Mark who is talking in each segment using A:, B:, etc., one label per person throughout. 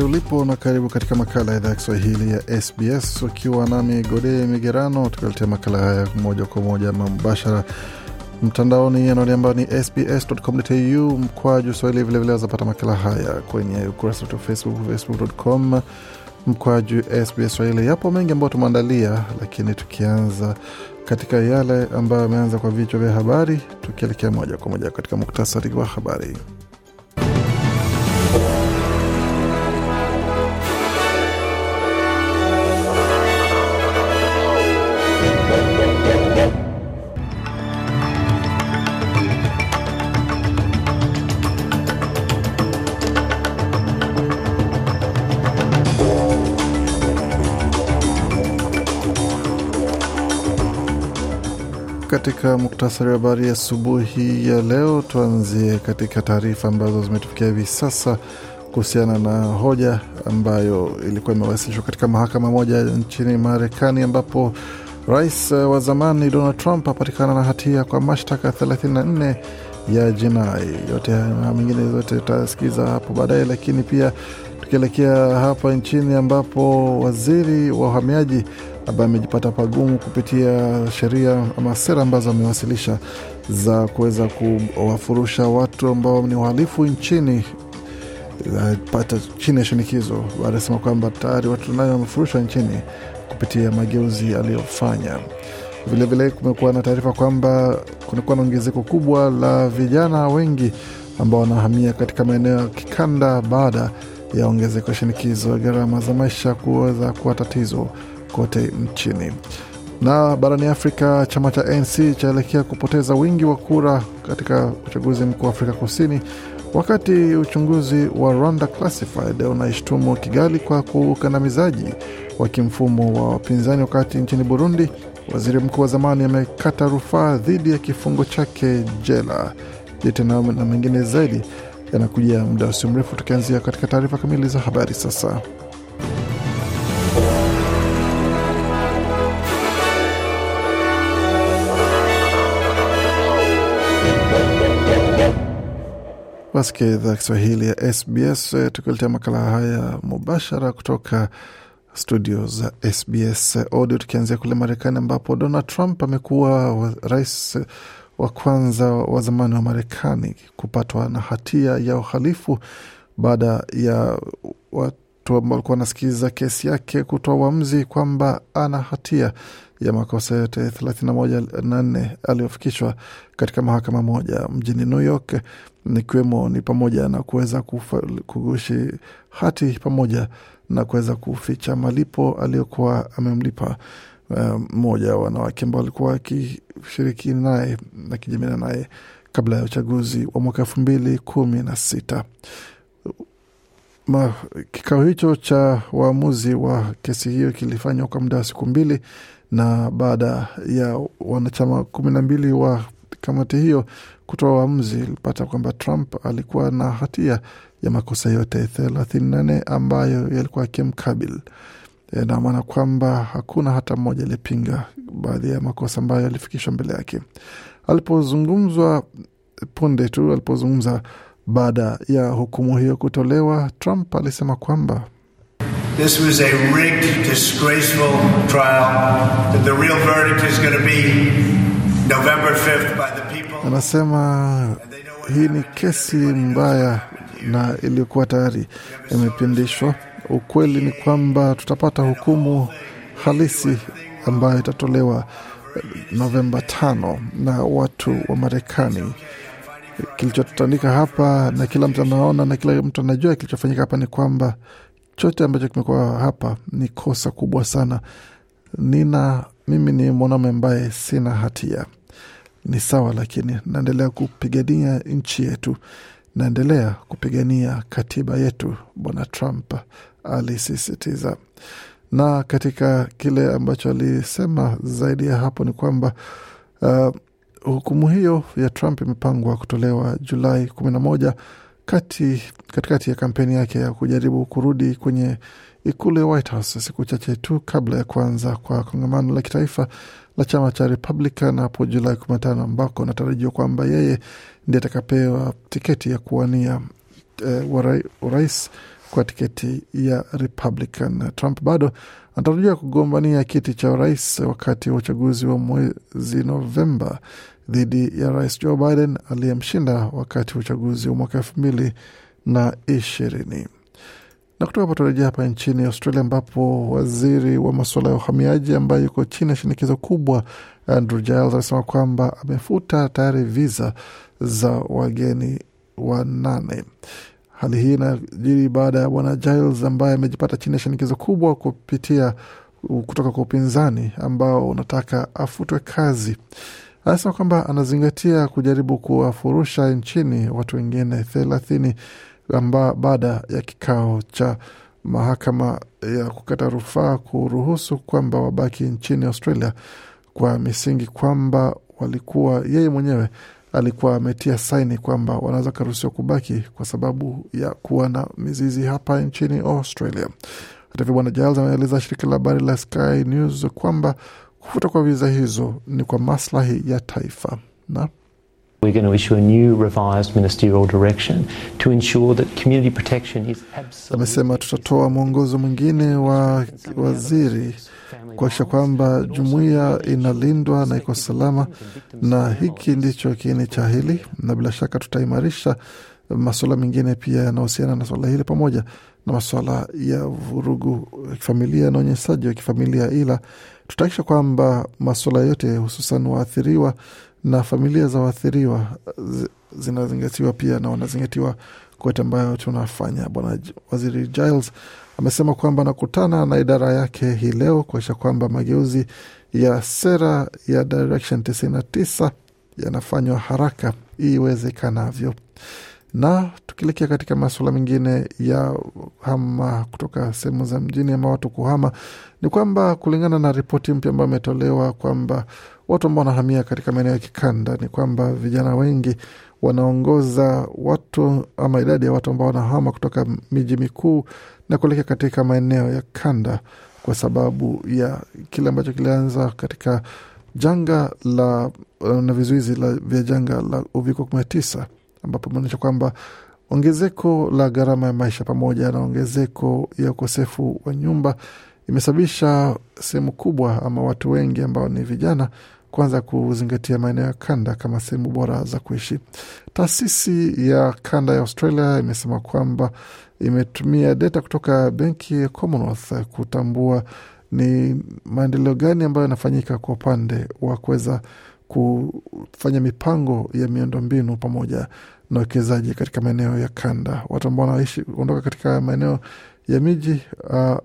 A: popote ulipo na karibu katika makala ya idhaa ya Kiswahili ya SBS ukiwa nami Gode Migerano, tukaletea makala haya moja kwa moja ama mbashara mtandaoni, anaoni ambayo ni sbs.com.au mkwaju swahili. Vilevile wazapata makala haya kwenye ukurasa wetu wa Facebook, facebook.com mkwaju SBS Swahili. Yapo mengi ambayo tumeandalia, lakini tukianza katika yale ambayo yameanza kwa vichwa vya habari, tukielekea moja kwa moja katika muktasari wa habari. katika muktasari wa habari asubuhi ya, ya leo. Tuanzie katika taarifa ambazo zimetufikia hivi sasa kuhusiana na hoja ambayo ilikuwa imewasilishwa katika mahakama moja nchini Marekani ambapo rais wa zamani Donald Trump apatikana na hatia kwa mashtaka 34 ya jinai. Yote na mengine zote tutasikiza hapo baadaye, lakini pia tukielekea hapa nchini ambapo waziri wa uhamiaji ambaye amejipata pagumu kupitia sheria ama sera ambazo amewasilisha za kuweza kuwafurusha watu ambao ni wahalifu nchini eh, pata chini ya shinikizo. Anasema kwamba tayari watu nayo wamefurushwa nchini kupitia mageuzi aliyofanya. Vilevile kumekuwa na taarifa kwamba kunakuwa na ongezeko kubwa la vijana wengi ambao wanahamia katika maeneo ya kikanda baada ya ongezeko shinikizo gharama za maisha kuweza kuwa tatizo kote nchini. Na barani Afrika, chama cha ANC chaelekea kupoteza wingi wa kura katika uchaguzi mkuu wa Afrika Kusini, wakati uchunguzi wa Rwanda Classified unaishtumu Kigali kwa ukandamizaji wa kimfumo wa wapinzani. Wakati nchini Burundi, waziri mkuu wa zamani amekata rufaa dhidi ya kifungo chake jela. Yote na mengine zaidi yanakujia muda usio mrefu, tukianzia katika taarifa kamili za habari sasa. Wasikia idhaa Kiswahili ya SBS tukiletea makala haya mubashara kutoka studio za SBS Audio, tukianzia kule Marekani ambapo Donald Trump amekuwa rais wa kwanza wa zamani wa Marekani kupatwa na hatia ya uhalifu baada ya watu ambao walikuwa wanasikiliza kesi yake kutoa uamuzi kwamba ana hatia ya makosa yote 34 aliyofikishwa katika mahakama moja mjini New York, nikiwemo ni pamoja na kuweza kugushi hati pamoja na kuweza kuficha malipo aliyokuwa amemlipa eh, mmoja um, wa wanawake ambao alikuwa akishiriki naye akijamiana naye kabla ya uchaguzi wa mwaka elfu mbili kumi na sita. Kikao hicho cha waamuzi wa kesi hiyo kilifanywa kwa muda wa siku mbili na baada ya wanachama kumi na mbili wa kamati hiyo kutoa uamuzi ilipata kwamba Trump alikuwa na hatia ya makosa yote thelathini na nane ambayo yalikuwa yakimkabil e, na maana kwamba hakuna hata mmoja aliyepinga baadhi ya makosa ambayo yalifikishwa mbele yake. Alipozungumzwa punde tu alipozungumza baada ya hukumu hiyo kutolewa, Trump alisema kwamba This was a rigged, disgraceful trial. That the real verdict is going to be November 5th by the people. Anasema hii ni kesi mbaya na iliyokuwa tayari imepindishwa. Ukweli ni kwamba tutapata hukumu halisi ambayo itatolewa Novemba tano na watu wa Marekani. Kilichotutanika hapa na kila mtu anaona na kila mtu anajua kilichofanyika hapa ni kwamba chote ambacho kimekuwa hapa ni kosa kubwa sana. Nina mimi ni mwanaume ambaye sina hatia, ni sawa, lakini naendelea kupigania nchi yetu, naendelea kupigania katiba yetu, Bwana Trump alisisitiza. Na katika kile ambacho alisema zaidi ya hapo ni kwamba uh, hukumu hiyo ya Trump imepangwa kutolewa Julai kumi na moja kati katikati ya kampeni yake ya kujaribu kurudi kwenye ikulu ya White House siku chache tu kabla ya kuanza kwa kongamano la kitaifa la chama cha Republican hapo Julai 1 ambako anatarajiwa kwamba yeye ndiye atakapewa tiketi ya kuwania uh, urais kwa tiketi ya Republican. Trump bado anatarajiwa kugombania kiti cha urais wakati wa uchaguzi wa mwezi Novemba dhidi ya rais Joe Biden aliyemshinda wakati wa uchaguzi wa mwaka elfu mbili na ishirini. Na kutoka patorejea hapa nchini Australia, ambapo waziri wa masuala ya uhamiaji ambaye yuko chini ya shinikizo kubwa Andrew Giles anasema kwamba amefuta tayari viza za wageni wanane. Hali hii inajiri baada ya bwana Giles ambaye amejipata chini ya shinikizo kubwa kupitia kutoka kwa upinzani ambao unataka afutwe kazi anasema kwamba anazingatia kujaribu kuwafurusha nchini watu wengine thelathini baada ya kikao cha mahakama ya kukata rufaa kuruhusu kwamba wabaki nchini Australia kwa misingi kwamba walikuwa yeye mwenyewe alikuwa ametia saini kwamba wanaweza karuhusiwa kubaki kwa sababu ya kuwa na mizizi hapa nchini Australia. Hata hivyo, Bwana ameeleza shirika la habari la Sky News kwamba kufuta kwa viza hizo ni kwa maslahi ya taifa na amesema tutatoa mwongozo mwingine wa waziri kuakisha kwamba jumuiya inalindwa na iko salama, na hiki ndicho kiini cha hili, na bila shaka tutaimarisha masuala mengine pia yanahusiana na swala hili pamoja na masuala ya vurugu ya kifamilia na unyenyesaji wa kifamilia, ila tutaakisha kwamba masuala yote hususan waathiriwa na familia za waathiriwa zinazingatiwa pia na wanazingatiwa kote ambayo tunafanya. Bwana Waziri Giles amesema kwamba anakutana na idara yake hii leo kuakisha kwamba mageuzi ya sera ya Direction 99 yanafanywa haraka iwezekanavyo. Na tukielekea katika masuala mengine ya hama kutoka sehemu za mjini ama watu kuhama, ni kwamba kulingana na ripoti mpya ambayo imetolewa kwamba watu ambao wanahamia katika maeneo ya kikanda ni kwamba vijana wengi wanaongoza watu ama idadi ya watu ambao wanahama kutoka miji mikuu na kuelekea katika maeneo ya kanda kwa sababu ya kile ambacho kilianza katika janga la na vizuizi vya janga la uviko tisa ambapo imeonyesha kwamba ongezeko la gharama ya maisha pamoja na ongezeko ya ukosefu wa nyumba imesababisha sehemu kubwa ama watu wengi ambao ni vijana kuanza kuzingatia maeneo ya kanda kama sehemu bora za kuishi. Taasisi ya kanda ya Australia imesema kwamba imetumia data kutoka benki ya Commonwealth kutambua ni maendeleo gani ambayo yanafanyika kwa upande wa kuweza kufanya mipango ya miundombinu pamoja na uwekezaji katika maeneo ya kanda. Watu ambao wanaishi kuondoka katika maeneo ya miji uh,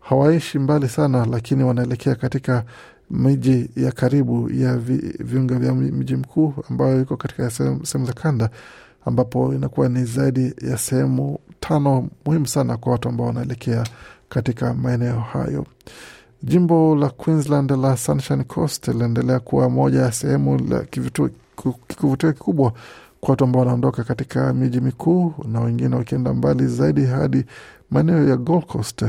A: hawaishi mbali sana, lakini wanaelekea katika miji ya karibu ya vi, viunga vya mji mkuu ambayo iko katika sehemu za kanda, ambapo inakuwa ni zaidi ya sehemu tano muhimu sana kwa watu ambao wanaelekea katika maeneo hayo. Jimbo la Queensland la Sunshine Coast linaendelea kuwa moja ya sehemu la kivutio kikubwa kwa watu ambao wanaondoka katika miji mikuu na wengine wakienda mbali zaidi hadi maeneo ya Gold Coast,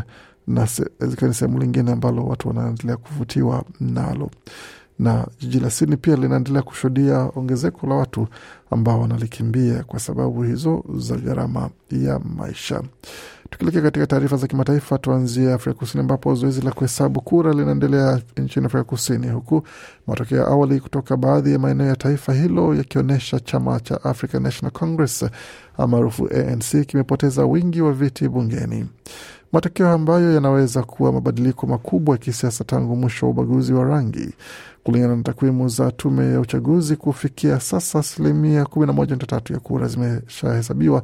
A: na se, zikiwa ni sehemu lingine ambalo watu wanaendelea kuvutiwa nalo. Na jiji la Sydney pia linaendelea kushuhudia ongezeko la watu ambao wanalikimbia kwa sababu hizo za gharama ya maisha. Tukielekea katika taarifa za kimataifa, tuanzie Afrika Kusini ambapo zoezi la kuhesabu kura linaendelea nchini Afrika Kusini, huku matokeo ya awali kutoka baadhi ya maeneo ya taifa hilo yakionyesha chama cha African National Congress maarufu ANC kimepoteza wingi wa viti bungeni matokeo ambayo yanaweza kuwa mabadiliko makubwa ya kisiasa tangu mwisho wa ubaguzi wa rangi. Kulingana na takwimu za tume ya uchaguzi, kufikia sasa asilimia 11.3 ya kura zimeshahesabiwa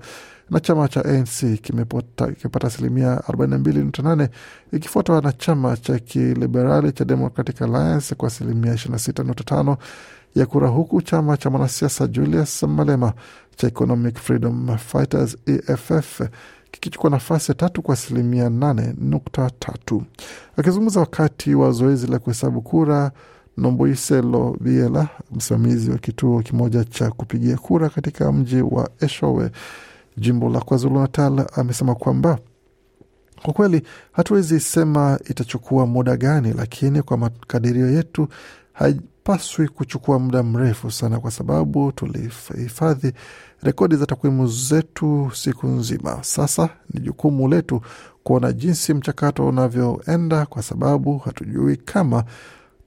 A: na chama cha ANC kimepata asilimia 42.8 ikifuatwa na chama cha kiliberali cha Democratic Alliance kwa asilimia 26.5 ya kura, huku chama cha mwanasiasa Julius Malema cha Economic Freedom Fighters EFF kichukua nafasi ya tatu kwa asilimia 8.3. Akizungumza wakati wa zoezi la kuhesabu kura, Nomboiselo Biela, msimamizi wa kituo kimoja cha kupigia kura katika mji wa Eshowe, jimbo la KwaZulu Natal, amesema kwamba kwa kweli hatuwezi sema itachukua muda gani, lakini kwa makadirio yetu haipaswi kuchukua muda mrefu sana, kwa sababu tulihifadhi rekodi za takwimu zetu siku nzima. Sasa ni jukumu letu kuona jinsi mchakato unavyoenda, kwa sababu hatujui kama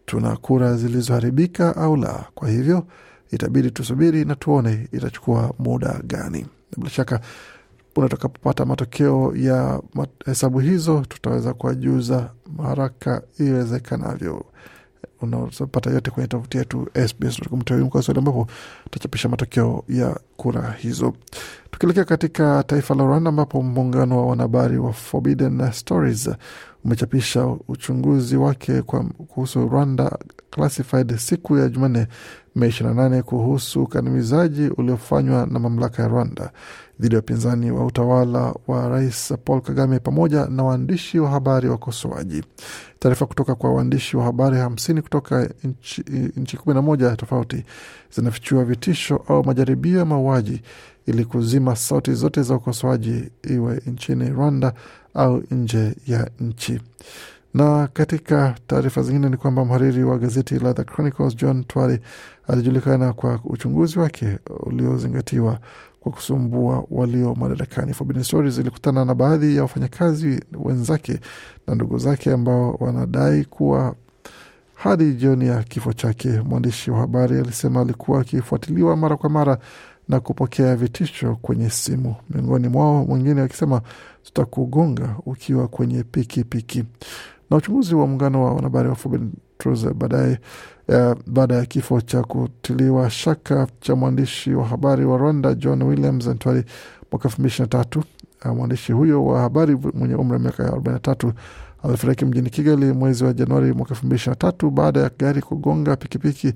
A: tuna kura zilizoharibika au la. Kwa hivyo itabidi tusubiri na tuone itachukua muda gani. Bila shaka unatakapopata matokeo ya hesabu hizo tutaweza kuwajuza haraka iwezekanavyo unapata yote kwenye tovuti yetu sbs.com.au, ambapo tutachapisha matokeo ya kura hizo. Tukielekea katika taifa la Rwanda, ambapo muungano wa wanahabari wa Forbidden Stories umechapisha uchunguzi wake kwa kuhusu Rwanda Classified siku ya Jumanne, Mei 28 kuhusu ukandamizaji uliofanywa na mamlaka ya Rwanda dhidi ya upinzani wa utawala wa Rais Paul Kagame pamoja na waandishi wa habari wakosoaji. Taarifa kutoka kwa waandishi wa habari hamsini kutoka nchi, kumi na moja tofauti zinafichua vitisho au majaribio ya mauaji ili kuzima sauti zote za ukosoaji iwe nchini Rwanda au nje ya nchi. Na katika taarifa zingine ni kwamba mhariri wa gazeti la The Chronicles John Twali alijulikana kwa uchunguzi wake uliozingatiwa kwa kusumbua walio madarakani. Forbidden Stories ilikutana na baadhi ya wafanyakazi wenzake na ndugu zake ambao wanadai kuwa hadi jioni ya kifo chake, mwandishi wa habari alisema alikuwa akifuatiliwa mara kwa mara na kupokea vitisho kwenye simu, miongoni mwao mwingine akisema tutakugonga ukiwa kwenye pikipiki piki. Na uchunguzi wa muungano wa wanahabari wa Forbidden Truze baadaye baada ya kifo cha kutiliwa shaka cha mwandishi wa habari wa Rwanda John Williams Ntwari mwaka elfu mbili ishirini na tatu. Ah, mwandishi huyo wa habari mwenye umri wa miaka arobaini na tatu alifariki mjini Kigali mwezi wa Januari mwaka elfu mbili ishirini na tatu baada ya gari kugonga pikipiki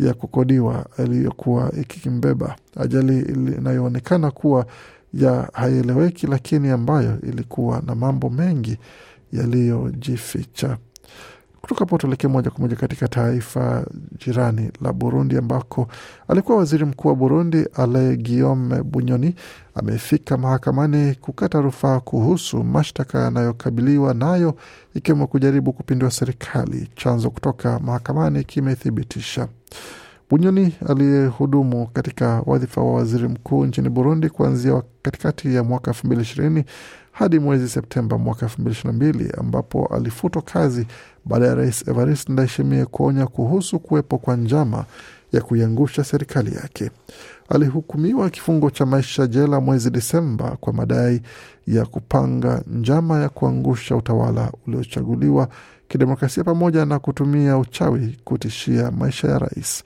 A: ya kukodiwa iliyokuwa ikimbeba, ajali inayoonekana kuwa ya haieleweki, lakini ambayo ilikuwa na mambo mengi yaliyojificha. Kutoka hapo tuelekee moja kwa moja katika taifa jirani la Burundi, ambako alikuwa waziri mkuu wa Burundi Ale Guillaume Bunyoni amefika mahakamani kukata rufaa kuhusu mashtaka yanayokabiliwa nayo ikiwemo kujaribu kupindua serikali. Chanzo kutoka mahakamani kimethibitisha. Bunyoni aliyehudumu katika wadhifa wa waziri mkuu nchini Burundi kuanzia katikati ya mwaka elfu mbili ishirini hadi mwezi Septemba mwaka mbili ambapo alifutwa kazi baada ya rais Evariste Ndayishimiye kuonya kuhusu kuwepo kwa njama ya kuiangusha serikali yake. Alihukumiwa kifungo cha maisha jela mwezi disemba kwa madai ya kupanga njama ya kuangusha utawala uliochaguliwa kidemokrasia pamoja na kutumia uchawi kutishia maisha ya rais.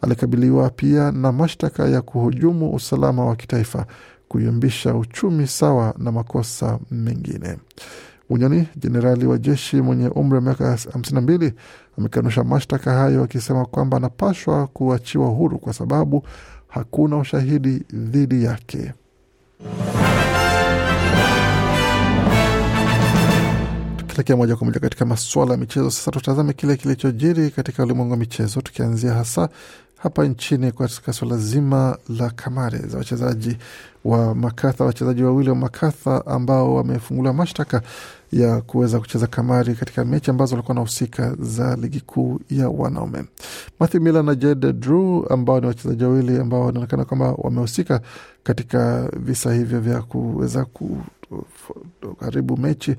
A: Alikabiliwa pia na mashtaka ya kuhujumu usalama wa kitaifa kuyumbisha uchumi sawa na makosa mengine. Bunyoni, jenerali wa jeshi mwenye umri wa miaka 52 amekanusha mashtaka hayo akisema kwamba anapashwa kuachiwa huru kwa sababu hakuna ushahidi dhidi yake. Tukielekea moja kwa moja katika masuala ya michezo sasa, tutazame kile kilichojiri katika ulimwengu wa michezo, tukianzia hasa hapa nchini katika suala zima la kamari za wachezaji wa Makatha, wachezaji wawili wa Makatha ambao wamefunguliwa mashtaka ya kuweza kucheza kamari katika mechi ambazo walikuwa wanahusika za ligi kuu ya wanaume. Matthew Miller na Jed Drew ambao ni wachezaji wawili ambao wanaonekana kwamba wamehusika katika visa hivyo vya kuweza ku karibu mechi,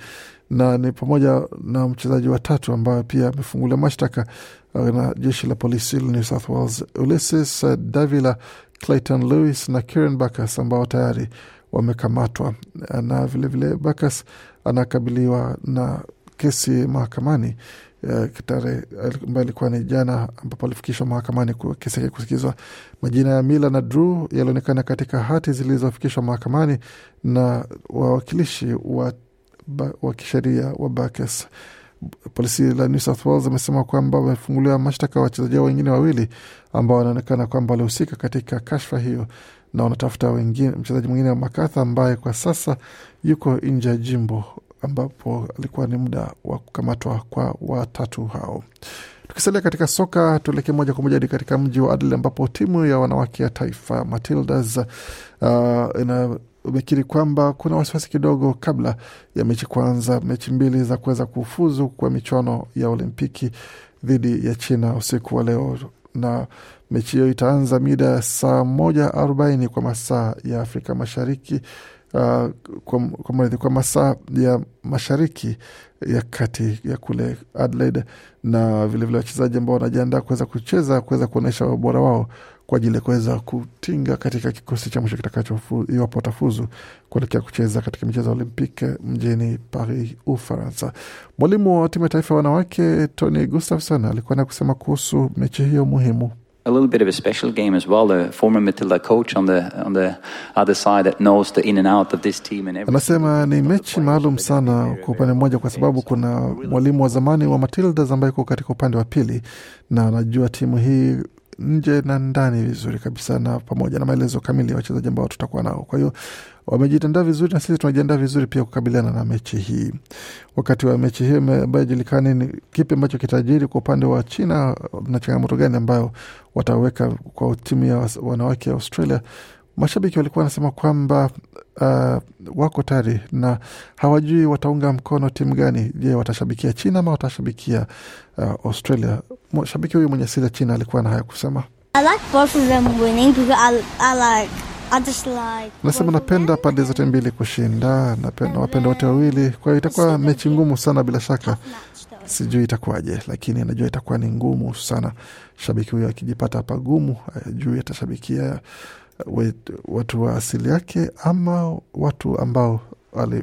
A: na ni pamoja na mchezaji watatu ambayo pia amefungulia mashtaka uh, na jeshi la polisi la New South Wales, Ulysses Davila, Clayton Lewis na Kieran Backus ambao tayari wamekamatwa, na vilevile Backus anakabiliwa na kesi mahakamani eh, ambayo ilikuwa ni jana, ambapo alifikishwa mahakamani kesi yake kusikizwa. Majina ya Mila na Drew yalionekana katika hati zilizofikishwa mahakamani na wawakilishi wa, wa kisheria wa Baucus. Polisi la New South Wales amesema kwamba wamefunguliwa mashtaka wachezaji wengine wawili ambao wanaonekana kwamba walihusika katika kashfa hiyo na wanatafuta mchezaji mwingine wa Makatha ambaye kwa sasa yuko nje ya jimbo ambapo alikuwa ni muda wa kukamatwa kwa watatu hao. Tukisalia katika soka, tuelekee moja kwa moja hadi katika mji wa Adelaide ambapo timu ya wanawake ya taifa Matildas uh, ina umekiri kwamba kuna wasiwasi kidogo kabla ya mechi kwanza mechi mbili za kuweza kufuzu kwa michuano ya Olimpiki dhidi ya China usiku wa leo, na mechi hiyo itaanza mida ya saa moja arobaini kwa masaa ya Afrika Mashariki uh, kwa, kwa masaa ya mashariki ya kati ya kule Adelaide, na vilevile wachezaji ambao wanajiandaa kuweza kucheza kuweza kuonyesha ubora wao kwa ajili ya kuweza kutinga katika kikosi cha mwisho kitakacho iwapo watafuzu kuelekea kucheza katika michezo ya Olimpiki mjini Paris, Ufaransa. Mwalimu wa timu ya taifa ya wanawake Tony Gustafson alikuwa na kusema kuhusu mechi hiyo muhimu a little bit of a special game as well. The former Matilda coach on the, on the other side that knows the in and out of this team and everything. Anasema ni mechi maalum sana kwa upande mmoja, kwa sababu kuna mwalimu wa zamani wa Matildas ambaye iko katika upande wa pili na anajua timu hii nje na ndani vizuri kabisa, na pamoja na maelezo kamili ya wachezaji ambao tutakuwa nao. Kwa hiyo wamejiandaa vizuri na sisi tunajiandaa vizuri pia kukabiliana na mechi hii. Wakati wa mechi hii ambayo julikani ni kipi ambacho kitajiri kwa upande wa China na changamoto gani ambayo wataweka kwa timu ya wanawake ya Australia Mashabiki walikuwa wanasema kwamba uh, wako tayari na hawajui wataunga mkono timu gani. Je, watashabikia China ama watashabikia uh, Australia? Shabiki huyu mwenye asili ya China alikuwa na haya kusema. Nasema napenda pande zote mbili kushinda, napenda wapenda wote wawili. Kwa hiyo itakuwa mechi ngumu sana, bila shaka. Sijui itakuwaje, lakini anajua itakuwa ni ngumu sana. Shabiki huyo akijipata pagumu, ajui atashabikia watu wa asili yake ama watu ambao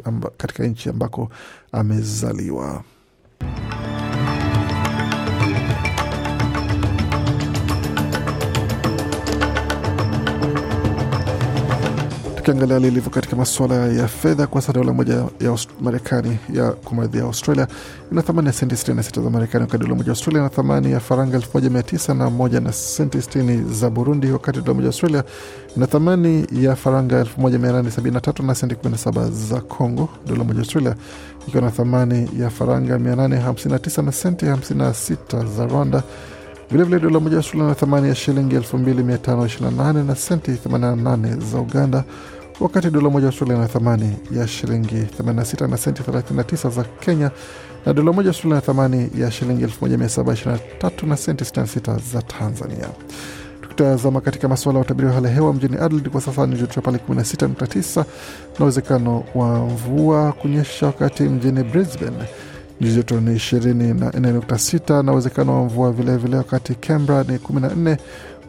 A: amba, katika nchi ambako amezaliwa. Tukiangalia hali ilivyo katika masuala ya fedha, kwa sasa dola moja ya Marekani ya kumradhi ya Australia ina thamani ya senti 66 za Marekani, wakati dola moja ya Australia ina thamani ya faranga 1901 na senti 60 za Burundi, wakati dola moja ya Australia ina thamani ya faranga 1873 na senti 17 za Congo, dola moja ya Australia ikiwa na thamani ya faranga 859 na senti 56 za Rwanda. Vilevile dola moja ya Australia na thamani ya shilingi 2528 na senti 88 za Uganda, wakati dola moja Australia na thamani ya shilingi 86 na senti 39 za Kenya na dola moja Australia na thamani ya shilingi 1723 na senti 66 za Tanzania. Tukitazama katika masuala ya utabiri wa hali ya hewa mjini Adelaide kwa sasa ni joto pale 16.9 na uwezekano wa mvua kunyesha, wakati mjini Brisbane nyuzi joto ni 24.6 na uwezekano wa mvua vilevile, wakati Canberra ni 14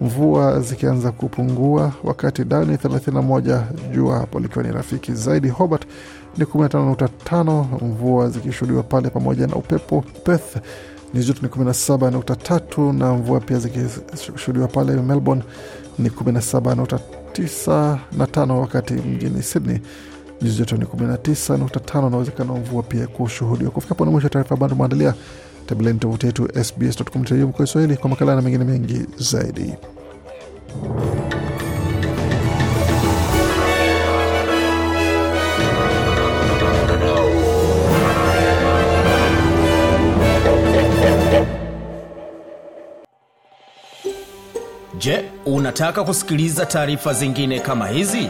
A: mvua zikianza kupungua, wakati Darwin 31 jua hapo likiwa ni rafiki zaidi. Hobart ni 15.5 mvua zikishuhudiwa pale pamoja na upepo. Perth nyuzi joto ni 17.3 na mvua pia zikishuhudiwa pale. Melbourne ni 17.95 wakati mjini Sydney ni 19.5 na uwezekano wa mvua pia kushuhudiwa. Kufika pone mwisho mwisho taarifa ambayo tumeandalia. Tembeleni tovuti yetu sbs.com.au kwa Kiswahili kwa makala na mengine mengi zaidi. Je, unataka kusikiliza taarifa zingine kama hizi?